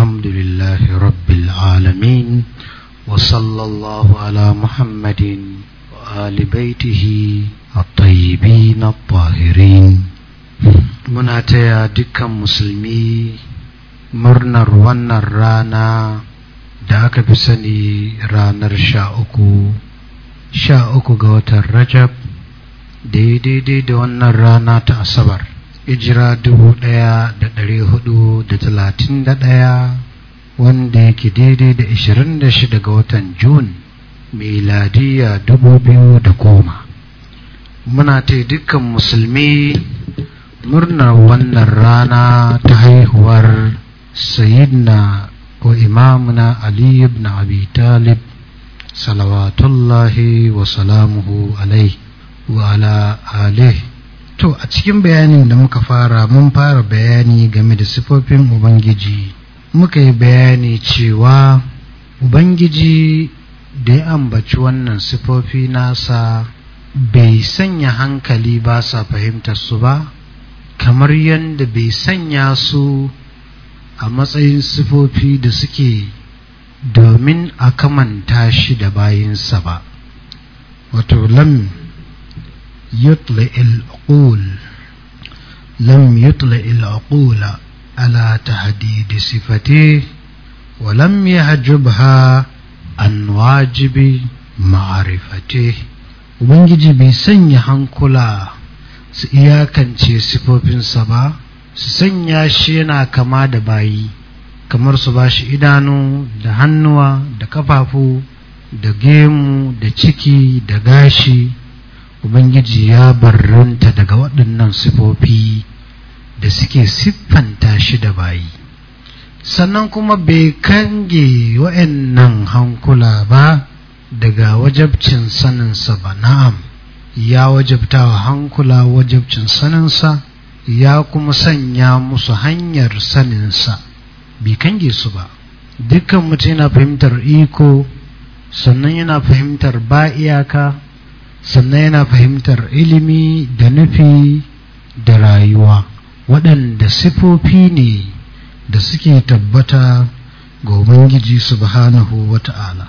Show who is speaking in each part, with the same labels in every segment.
Speaker 1: الحمد لله رب العالمين وصلى الله على محمد وآل بيته الطيبين muna taya dukkan musulmi murnar wannan rana da aka fi sani ranar sha uku sha uku ga watan rajab daidai da wannan rana ta asabar ijira dubu ɗaya da ɗari hudu da talatin da ɗaya wanda yake daidai da ishirin da shida ga watan jun miladiya dubu biyu da goma muna ta dukkan musulmi murnar wannan rana ta haihuwar sayidna ko imamuna ali ibn abi talib salawatullahi wa salamuhu alai wa ala alihi To a cikin bayanin da muka fara mun fara bayani game da sifofin Ubangiji muka yi bayani cewa Ubangiji da ya ambaci wannan sifofi nasa bai sanya hankali ba sa fahimtar su ba kamar yadda bai sanya su a matsayin sifofi da suke domin a kamanta shi da bayinsa ba wato lam يطلع العقول لم يطلع العقول على تحديد صفته ولم يحجبها عن واجب معرفته ubangiji bai sanya hankula su iyakance sifofinsa ba su sanya shi yana kama da bayi kamar su ba shi idanu da hannuwa da kafafu da gemu da ciki da gashi ubangiji ya barranta daga waɗannan sifofi da suke siffanta shi da bayi sannan kuma bai kange wa'annan hankula ba daga wajabcin saninsa ba na'am ya wajabta wa hankula wajabcin saninsa ya kuma sanya musu hanyar saninsa bai kange su ba dukkan mutum yana fahimtar iko sannan yana fahimtar ba iyaka sannan yana fahimtar ilimi da nufi da rayuwa waɗanda sifofi ne da suke tabbata ga Ubangiji subhanahu wa ta'ala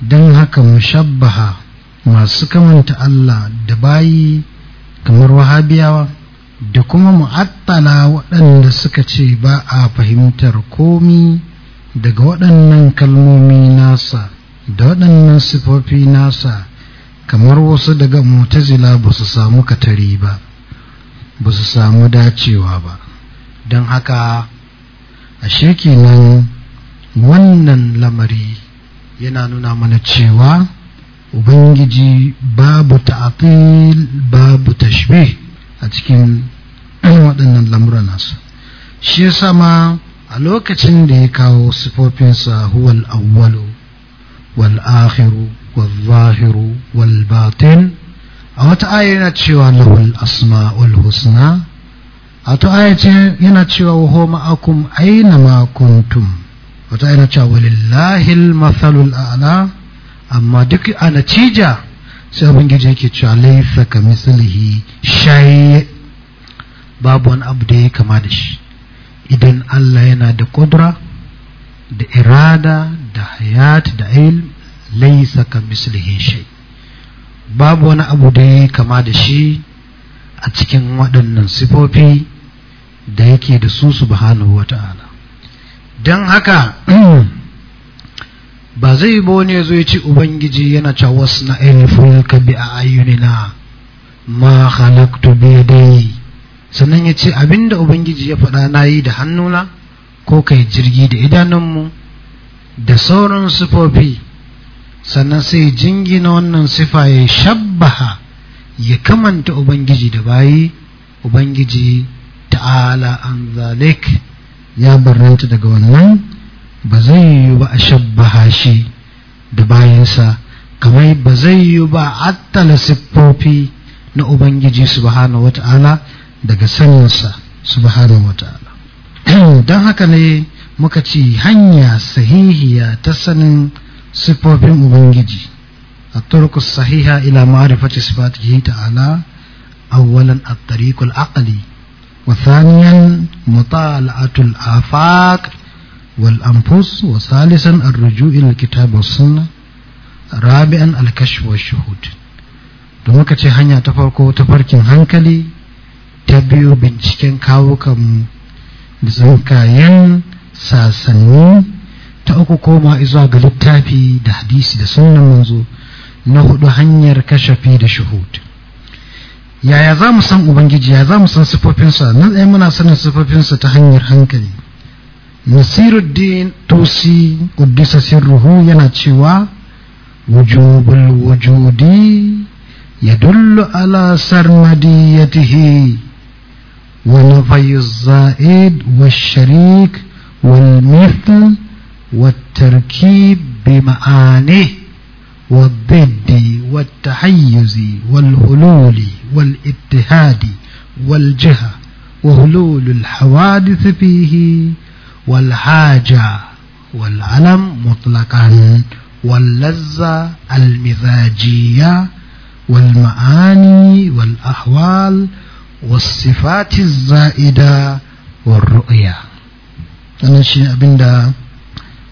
Speaker 1: don haka mushabbaha masu kamanta Allah da bayi kamar wahabiyawa da kuma mu'attala waɗanda suka ce ba a fahimtar komi daga waɗannan kalmomi nasa da waɗannan sifofi nasa kamar wasu daga mutazila ba su samu katari ba ba su samu dacewa ba don haka ashe nan wannan lamari yana nuna mana cewa ubangiji babu ta'atil babu tashbih a cikin waɗannan lamuran nasu shi yasa ma a lokacin da ya kawo sifofinsa huwal awwalu wal akhiru والظاهر والباطن أو تآينا تشوى له الأسماء الحسنى أو تآينا تشوى وهو معكم أينما كنتم وتآينا تشوى ولله المثل الأعلى أما دك أنا تيجا سيابن جيجيكي تشوى ليس كمثله شيء باب وان أبدي كمادش إذن الله ينا دا قدرة da irada da hayat da ilm laisa ka mislihi shay babu wani abu da ya kama da shi a cikin waɗannan sifofi da yake da su subhanahu wata'ala don haka ba zai ba wani ya zo ya ci ubangiji yana cewa wasu na ka bi a ayyunina ma halaktu bi dai sannan ya ce abinda ubangiji ya faɗa na yi da hannuna ko kai jirgi da idanunmu da sauran sifofi. sannan sai jingina wannan sifa ya shabbaha ya kamanta ubangiji da bayi ubangiji ta'ala an zalik ya barranta daga wannan ba zai yi ba a shabbaha shi da bayansa kamar ba zai yi ba a attala siffofi na ubangiji subhanahu wata'ala daga saninsa subhanahu wata'ala don haka ne muka ci hanya sahihiya ta sanin siffofin ubangiji a turku sahiha ila ma'arifati sifatihi ta'ala awwalan at-tariq al-aqli wa thaniyan mutala'atu afaq wal anfus wa salisan ar-ruju' ila kitab sunnah rabi'an al-kashf wash-shuhud to muka ce hanya ta farko ta farkin hankali ta biyu binciken kawukan da sasanni تأكو كوما إزاق للتابي دهديسي ده سنة منزو نهدو هنير كشفي ده شهود يا يزام سن أبنججي يا يزام سن سفو بنسا نل إيمنا سن سفو بنسا تهنير هنكلي نصير الدين توسي قدس سره ينتشوا وجوب الوجود يدل على سرمديته ونفي الزائد والشريك والمثل والتركيب بمعانيه والضد والتحيز والهلول والاتحاد والجهة وهلول الحوادث فيه والحاجة والعلم مطلقا واللذة المزاجية والمعاني والأحوال والصفات الزائدة والرؤية أنا شيء أبندا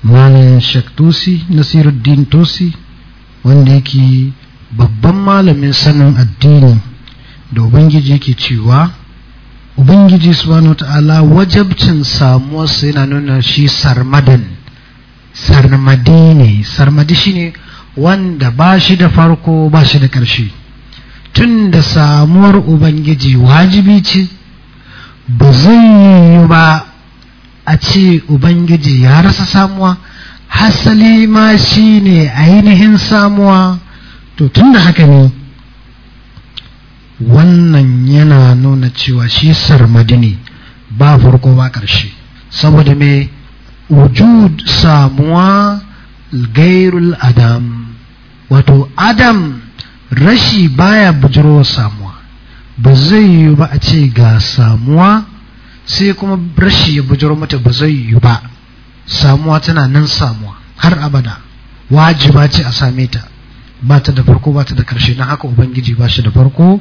Speaker 1: malam shak tusi nasiruddin tusi wanda yake babban malamin sanin addini da ubangiji yake cewa ubangiji subhanahu ta'ala wajabcin samuwarsa yana nuna shi sarmadan sarmadi ne sarmadi shine wanda ba shi da farko ba shi da ƙarshe tun da samuwar ubangiji wajibi ce ba zai yi ba a ce ubangiji ya rasa samuwa hasali ma shi ne ainihin samuwa to tun da haka ne wannan yana nuna cewa shi sarmadi ne ba farko ba ƙarshe saboda mai wujud samuwa gairul adam wato adam rashi baya bujiro samuwa ba zai yi ba a ce ga samuwa sai kuma rashi ya bujiro mata ba zai yi ba samuwa tana nan samuwa har abada wajiba ce a same ta ba ta da farko ba ta da karshe na haka ubangiji ba shi da farko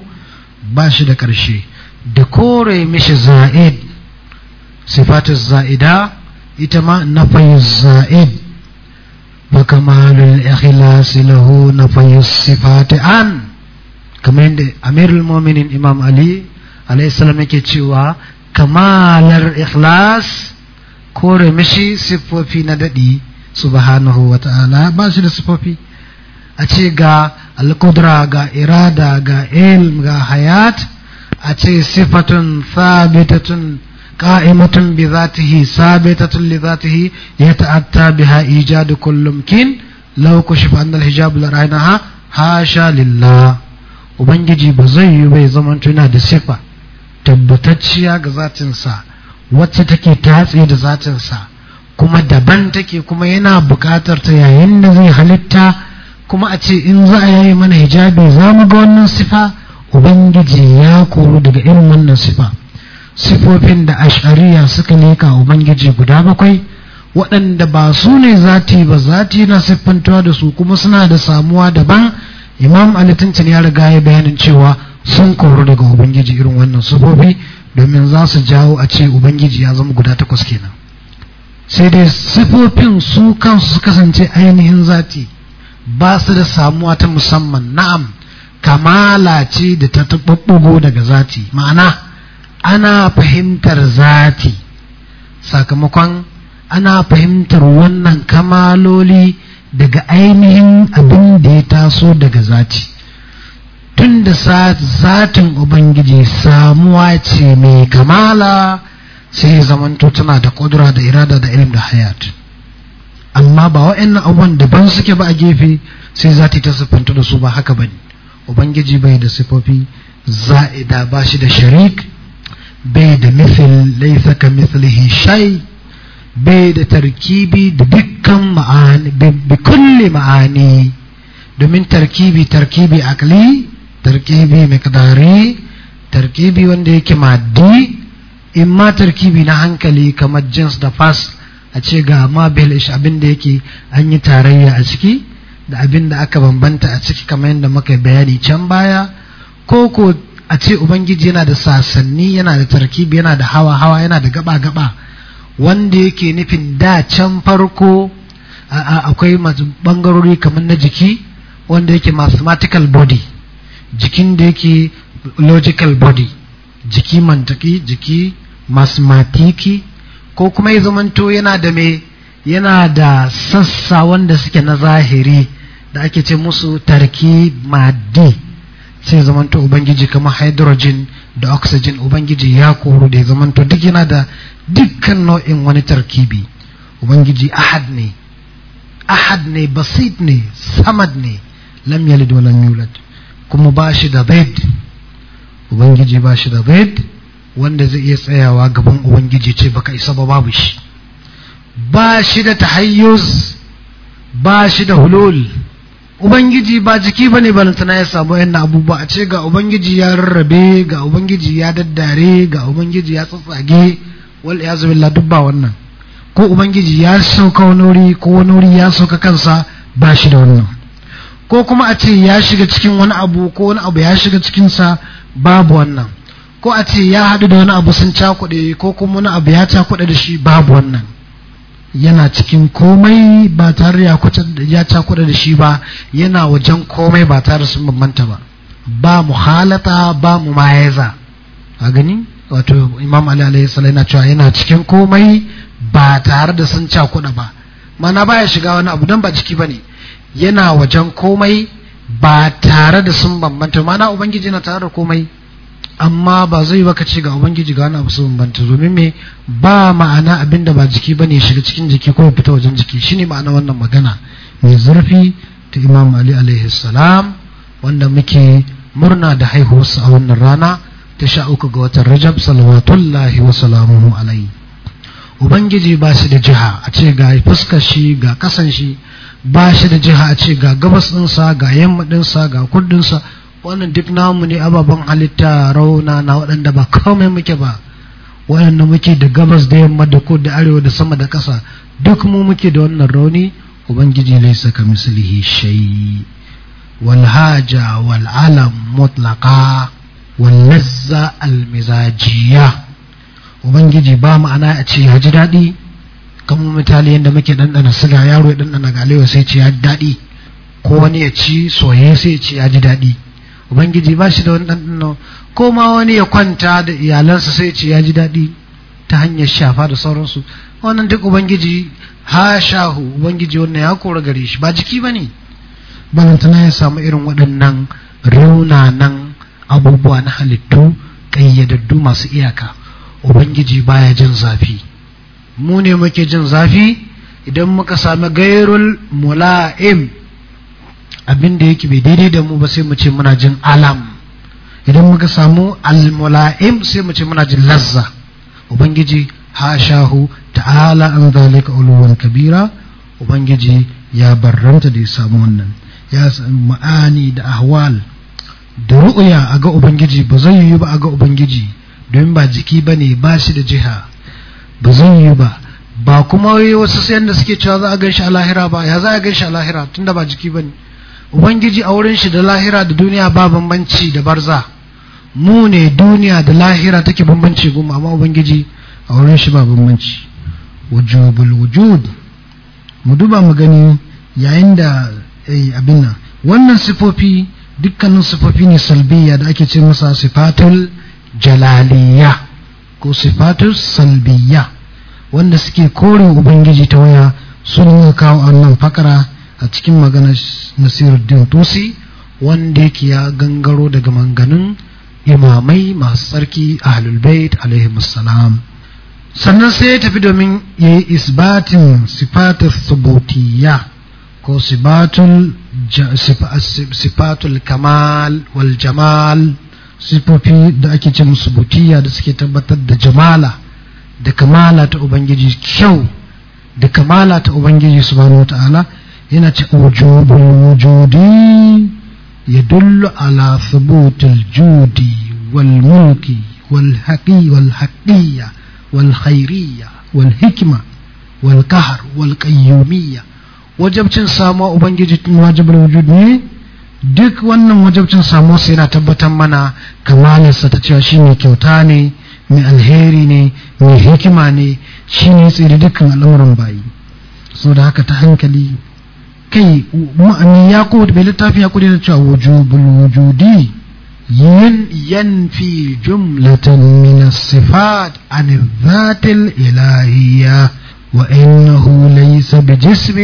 Speaker 1: ba shi da karshe da kore mishi za'id sifatis za'ida ita ma na fayi za'id ba kamalin ikhilasi lahu na fayi sifati an kamar yadda amirul mominin imam ali salam yake cewa kamalar ikhlas kore mishi siffofi na daɗi subhanahu wa ta'ala ba shi da siffofi a ce ga alƙudura ga irada ga ilm ga hayat a ce sifatun thabitatun qa'imatun bi zatihi sabitatun li zatihi yata'atta biha ijadu kullum kin law kushifa annal hijab la rainaha hasha lillah ubangiji ba zai yi bai zama tuna da sifa tabbatacciya ga zatinsa wacce take tatse da zatinsa kuma daban take kuma yana buƙatar ta yayin da zai halitta kuma a ce in za a yi mana hijabi za mu ga wannan sifa ubangiji ya koru daga irin wannan sifa sifofin da ashariya suka leka ubangiji guda bakwai waɗanda ba su ne zati ba zati na siffantuwa da su kuma suna da samuwa daban imam alitintin ya riga ya bayanin cewa sun koru daga ubangiji irin wannan sufofi domin za su jawo a ce ubangiji ya zama guda takwas kenan sai dai sifofin su kansu su kasance ainihin zati ba su da samuwa ta musamman na'am kamala ce da ta taɓaɓɓugo daga zati ma'ana ana fahimtar zati sakamakon ana fahimtar wannan kamaloli daga ainihin abin da ya taso daga zati Tunda da zatin ubangiji samuwa ce mai kamala sai zamanto tana da kudura da irada da ilim da hayat amma ba wa'annan abubuwan daban suke ba a gefe sai zati ta siffanta da su ba haka ba ne ubangiji bai da sifofi. za'ida ba shi da sharik bai da misal laisa ka mislihi shay bai da tarkibi da dukkan ma'ani bi kulli ma'ani domin tarkibi tarkibi akli tarkibi miqdari tarkibi wanda yake maddi in ma tarkibi na hankali kamar jins da fas a ce ga ma belish abin da yake an yi tarayya a ciki da abin da aka bambanta a ciki kamar yadda muka bayani can baya ko ko a ce ubangiji yana da sasanni yana da tarkibi yana da hawa hawa yana da gaba gaba wanda yake nufin da can farko akwai bangarori kamar na jiki wanda yake mathematical body jikin da yake logical body jiki mantaki jiki mathematiki ko kuma ya zamanto yana da me yana da sassa wanda suke na zahiri da ake ce musu tarki maddi sai zamanto ubangiji kamar hydrogen da oxygen ubangiji ya koru da ya zamanto duk yana da dukkan nau'in wani tarkibi ubangiji ahad ne ahad ne basit ne samad ne lam yalid wa lam yulad kuma ba shi da bed ubangiji ba shi da bed wanda zai iya tsayawa gaban ubangiji ce baka isa ba babu shi ba shi da tahayyuz ba shi da hulul ubangiji ba jiki bane balantana ya samu yana abubuwa a ce ga ubangiji ya rarrabe ga ubangiji ya daddare ga ubangiji ya tsatsage wal ya zubilla ba wannan ko ubangiji ya sauka wani wuri ko wani wuri ya sauka kansa ba shi da wannan ko kuma a ce ya shiga cikin wani abu ko wani abu ya shiga cikinsa babu wannan ko a ce ya haɗu da wani abu sun cakuɗe ko kuma wani abu ya cakuɗe da shi babu wannan yana cikin komai ba tare ya cakuɗe da shi ba yana wajen komai ba tare sun bambanta ba ba muhalata ba mu mayaza a gani wato imam ali alayhi salam yana cewa yana cikin komai ba tare da sun cakuɗa ba mana baya shiga wani abu dan ba jiki bane yana wajen komai ba tare da sun bambanta mana ubangiji na tare da komai amma ba zai baka ce ga ubangiji ga wani abu sun bambanta domin me ba ma'ana abinda ba jiki ba ne shiga cikin jiki ko fita wajen jiki shine ma'ana wannan magana mai zurfi ta imam ali alaihi salam wanda muke murna da haihuwar haihuwarsa a wannan rana ta sha uku ga watan rajab salawatullahi wa salamuhu alaihi ubangiji ba shi da jiha a ce ga fuskar shi ga kasan shi ba shi da jiha a ce ga gabas ɗinsa ga yamma ɗinsa ga kudinsa wannan duk namu ne ababen halitta rauna na waɗanda ba kawai muke ba waɗanda muke da gabas da yamma da kudu da arewa da sama da ƙasa duk mu muke da wannan rauni ubangiji laisa ka mislihi shay wal haja wal alam mutlaqa wal lazza al mizajiya ubangiji ba ma'ana a ce ya ji daɗi kamar mutane yadda muke ɗanɗana siga yaro ya ɗanɗana galewa sai ce ya ji daɗi ko wani ya ci soye sai ya ce ya ji daɗi ubangiji ba shi da wani ɗanɗana ko ma wani ya kwanta da iyalansa sai ya ce ya ji daɗi ta hanyar shafa da sauransu wannan duk ubangiji ha shahu ubangiji wannan ya kora gare shi ba jiki ba ne balantana ya samu irin waɗannan raunanan abubuwa na halittu ƙayyadaddu masu iyaka ubangiji baya jin zafi mu ne muke jin zafi idan muka sami gairul mula'im abin da yake bai daidai da mu ba sai mu ce muna jin alam idan muka samu al-mula'im sai mu ce muna jin lazza ubangiji hashahu ta'ala an zalika uluwan kabira ubangiji ya barranta da ya samu wannan ya samu ma'ani da ahwal da ru'uya a ga ubangiji ba zai yiwu ba a ga ubangiji domin ba jiki ba ne ba shi da jiha ba zan yi ba ba kuma wasu sayan da suke cewa za a gan a lahira ba ya za a gan a lahira tunda ba jiki ba ne ubangiji a wurin shi da lahira da duniya ba bambanci da barza mu ne duniya da lahira take bambanci goma amma ubangiji a wurin shi ba bambanci wujubul wujub mu duba mu gani yayin da eh, abin nan wannan sifofi dukkanin sifofi ne salbiya da ake ce masa sifatul jalaliya ko sifatar salbiya wanda suke kore ubangiji ta waya sun yi kawo annan fakara a cikin maganar Nasiru tusi wanda yake ya gangaro daga manganin imamai masu tsarki a halulbait alaihimussalam sannan sai ya tafi domin ya yi isbatin sifatar sabotiya ko sifatul kamal wal jamal sifofi da ake ce musu butiya da suke tabbatar da jamala da kamala ta ubangiji kyau da kamala ta ubangiji subhanahu ala yana ce wujubul ya dullu ala thubutil judi wal mulki wal haqi wal haqiyya wal khairiyya wal hikma wal kahar wal qayyumiyya wajabcin samuwa ubangiji tun wajibul wujud ne duk wannan wajabcin samosa yana tabbatar mana kamalarsa ta cewa shi mai kyauta ne mai alheri ne mai hikima ne shi ne tsiri dukkan al'amuran bayi so da haka ta hankali kai ma'ani ya da bai littafi ya kudi da cewa wujubul wujudi yin yanfi jumlatan min sifat an dhatil ilahiyya وإنه ليس بجسم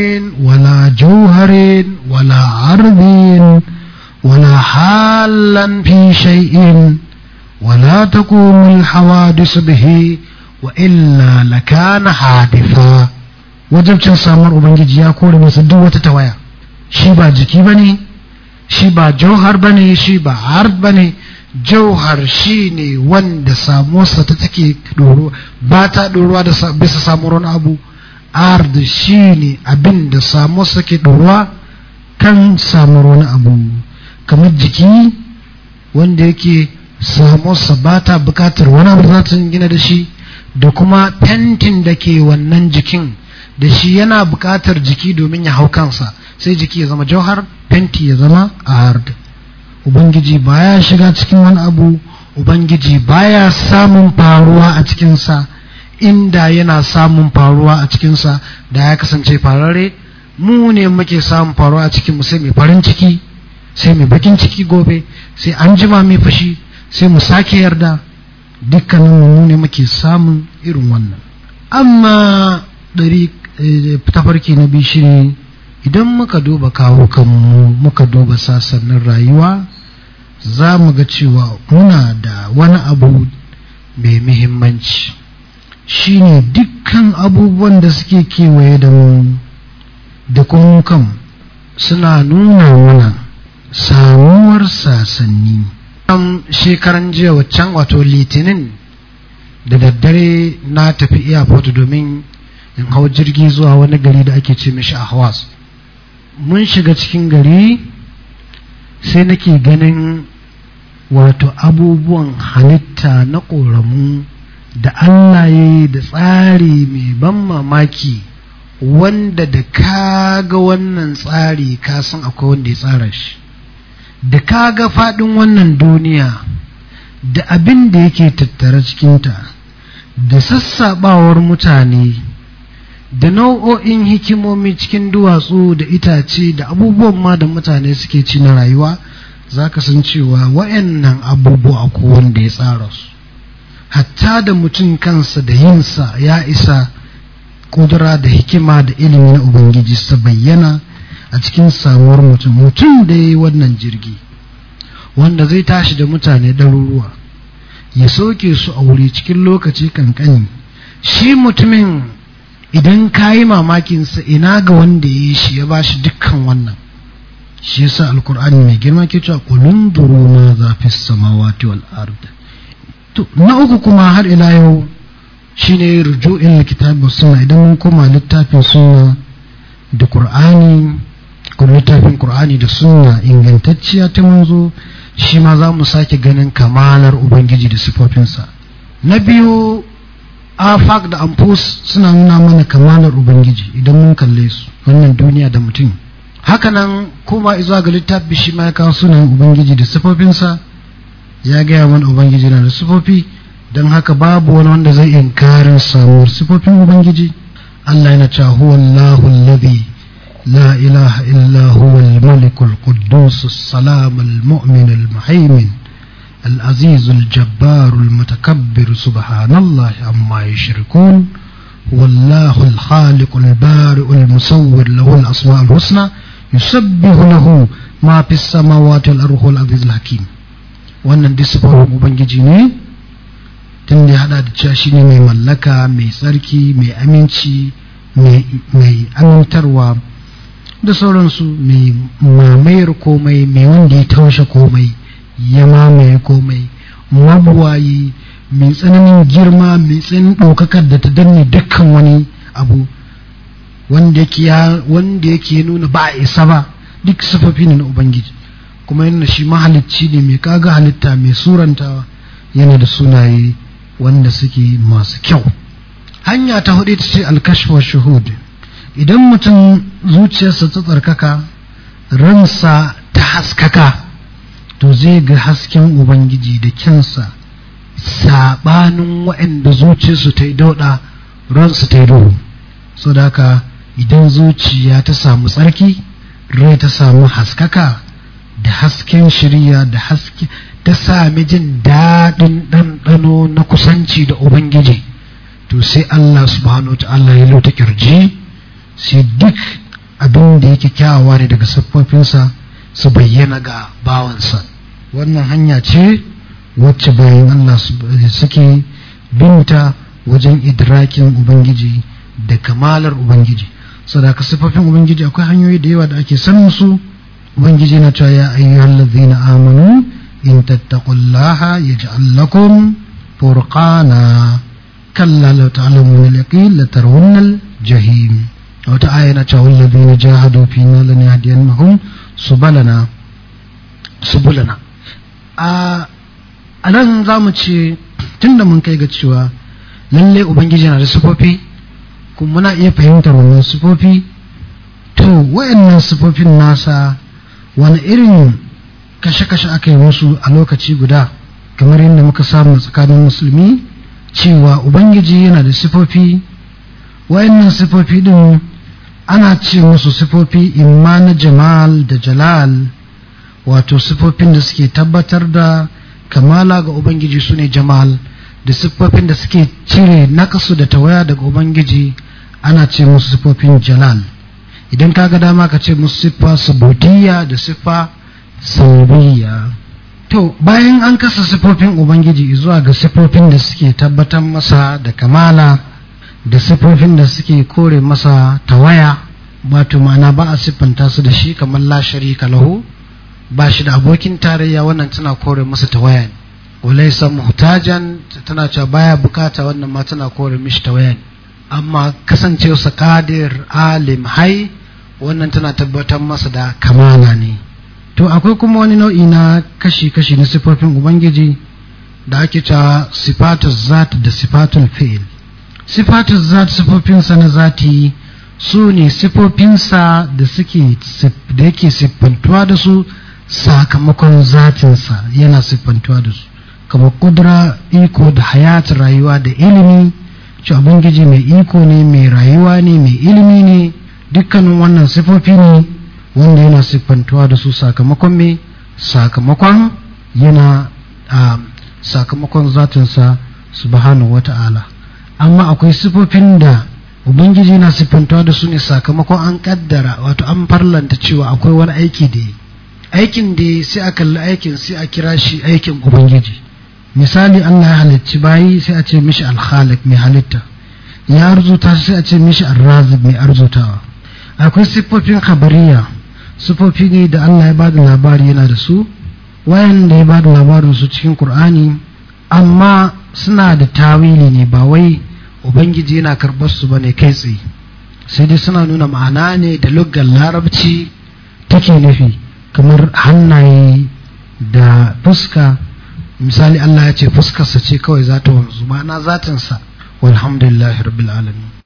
Speaker 1: ولا جوهر ولا عرض ولا حالا في شيء ولا تقوم الحوادث به وإلا لكان حادثا وجبت سامر أبنجي يا كوري بس دوة تتوايا شيبا جيكي بني شيبا جوهر بني شيبا عرض بني jauhar shi ne wanda samuwarsa ta take ɗoro ba ta ɗoruwa da bisa samuwar abu ard ne abin da samuwarsa ke ɗoruwa kan samuwar abu kamar jiki wanda yake samuwarsa ba ta bukatar wani abu za ta gina da shi da kuma fentin da ke wannan jikin da shi yana bukatar jiki domin ya hau kansa sai jiki ya zama jauhar fenti ya zama ard ubangiji baya shiga cikin wani abu ubangiji baya samun faruwa a cikinsa inda yana samun faruwa a cikinsa da ya kasance farare mu ne muke samun faruwa a cikinmu sai mai farin ciki sai mai bakin ciki gobe sai an jima mai fashi sai mu sake yarda dukkanin mu ne muke samun irin wannan amma ɗari eh, tafarki na biyu shine idan muka duba kawo kanmu muka duba sassanin rayuwa za mu ga cewa muna da wani abu mai muhimmanci shine dukkan abubuwan da suke kewaye da mu da kuma suna nuna mana samuwar sasanni an shekaran jiya waccan wato litinin da daddare na tafi iya domin in hau jirgi zuwa wani gari da ake ce mishi a hawasu mun shiga cikin gari sai nake ganin wato abubuwan halitta na ƙoramu da Allah ya yi da tsari mai ban mamaki wanda da ka ga wannan tsari ka san akwai wanda ya tsara shi da ka ga faɗin wannan duniya da abin da yake tattara cikinta da sassaɓawar mutane da nau'o'in hikimomi cikin duwatsu da itace da abubuwan ma da mutane suke ci na rayuwa za ka san cewa wa'annan abubuwa ko wanda ya tsara su hatta da mutum kansa da yinsa ya isa kudura da hikima da ilimi na ubangiji su bayyana a cikin samuwar mutum mutum da ya yi wannan jirgi wanda zai tashi da mutane ɗaruruwa ya soke su a wuri cikin lokaci kankani shi mutumin idan ka yi mamakinsa ina ga wanda ya yi shi ya ba shi dukkan wannan shi ya sa alkur'ani mai girma ke cewa kulun duru na zafi samawa ta wal na uku kuma har ila yau shi ne shine rujuin kitabi suna idan mun koma littafin suna da qur'ani ko littafin qur'ani da suna ingantacciya ta manzo shi ma za mu sake ganin kamalar ubangiji da sifofinsa na biyu afak da amfus suna nuna mana kamanar ubangiji idan mun kalle su wannan duniya da mutum hakanan kuma izuwa ga littafi shi ma ya kawo sunan ubangiji da sifofinsa ya gaya mana ubangiji na da sifofi don haka babu wani wanda zai inkarin samuwar sifofin ubangiji allah yana cewa huwa allahu alladhi la ilaha illa huwa al-malik al-quddus as-salam العزيز الجبار المتكبر سبحان الله عما يشركون والله الخالق البارئ المصور له الأسماء الحسنى يسبح له ما في السماوات والأرض العزيز الحكيم وأن الدسبور مبنجيني تندي هذا الشاشيني مي ملكا مي سركي مي أمينشي مي مي da sauransu mai mamayar komai mai wanda ya taushe komai ya mamaye komai mabuwayi mai tsananin girma mai tsananin ɗaukakar da ta danne dukkan wani abu wanda yake nuna ba a isa ba duk sifafi ne na ubangiji kuma yana shi mahalicci ne mai kaga halitta mai surantawa yana da sunaye wanda suke masu kyau hanya ta hudu ta ce alkashfa shuhud idan mutum zuciyarsa ta tsarkaka ransa ta haskaka to zai ga hasken ubangiji da kyansa saɓanin waɗanda zuciyarsu ta yi dauɗa ransu ta yi duhu so da haka idan zuciya ta samu tsarki rai ta samu haskaka da hasken shirya da haske ta sami jin daɗin ɗanɗano na kusanci da ubangiji to sai Allah subhanahu ta'ala ya lota kirji sai duk abin da yake kyawawa ne daga siffofinsa su bayyana ga bawansa wannan hanya ce wacce bayan Allah suke binta wajen idrakin ubangiji da kamalar ubangiji sadaka sifafin ubangiji akwai hanyoyi da yawa da ake sanin su ubangiji na cewa ya ayyuhal ladzina amanu in tattaqullaha yaj'al lakum furqana kalla law ta'lamuna al-yaqin jahim wata aya na cewa alladhina jahadu fina lanahdiyannahum subalana subulana a nan za mu ce tun da mun kai ga cewa lalle ubangiji na da sufofi kuma muna iya fahimtar wannan sufofi to wayannan sufofin nasa wani irin kashe-kashe aka yi musu a lokaci guda kamar yadda muka samu tsakanin musulmi cewa ubangiji yana da sufofi wayannan sufofi din ana ce musu sifofi imma na jamal da jalal wato sifofin da suke tabbatar da kamala ga ubangiji su ne jamal da sifofin da suke cire nakasu da tawaya daga ubangiji ana ce musu sifofin jalal idan kaga dama ka ce musu siffa sabudiyya da siffa sauriya to bayan an kasa sifofin ubangiji zuwa ga sifofin da suke tabbatar masa da kamala da sifofin da suke kore masa tawaya wato ma'ana ba a siffanta su da shi kamar la sharika lahu ba shi da abokin tarayya wannan tana kore masa tawaya ne walaisa muhtajan tana cewa baya bukata wannan ma tana kore mishi tawaya ne amma kasancewa kadir alim hai wannan tana tabbatar masa da kamala ne to akwai kuma wani nau'i na kashi-kashi na sifofin ubangiji da ake cewa sifatul zat da sifatul fi'il sifatu zat sifofinsa na zati su ne sifofinsa da suke da yake siffantuwa da su sakamakon zatinsa yana siffantuwa da su kama kudura iko da hayat rayuwa da ilimi ci abangiji mai iko ne mai rayuwa ne mai ilimi ne dukkanin wannan sifofi ne wanda yana siffantuwa da su sakamakon me sakamakon yana sakamakon zatinsa subhanahu ta'ala amma akwai sifofin da ubangiji na siffantawa da su ne sakamakon an kaddara wato an farlanta cewa akwai wani aiki da yi aikin da ya sai a kalli aikin sai a kira shi aikin ubangiji misali allah ya halicci bayi sai a ce mishi alhalik mai halitta ya arzuta sai a ce mishi arrazib mai arzutawa akwai siffofin habariya siffofi ne da allah ya bada labari yana da su wayanda ya bada labarin su cikin qur'ani amma suna da tawili ne ba wai ubangiji yana karɓar su bane kai tsaye sai dai suna nuna ma'ana ne da lugar larabci take nufi kamar hannaye da fuska misali Allah ya ce fuskarsa ce kawai za ta wanzu ma'ana zatinsa walhamdulillahi rabbil alamin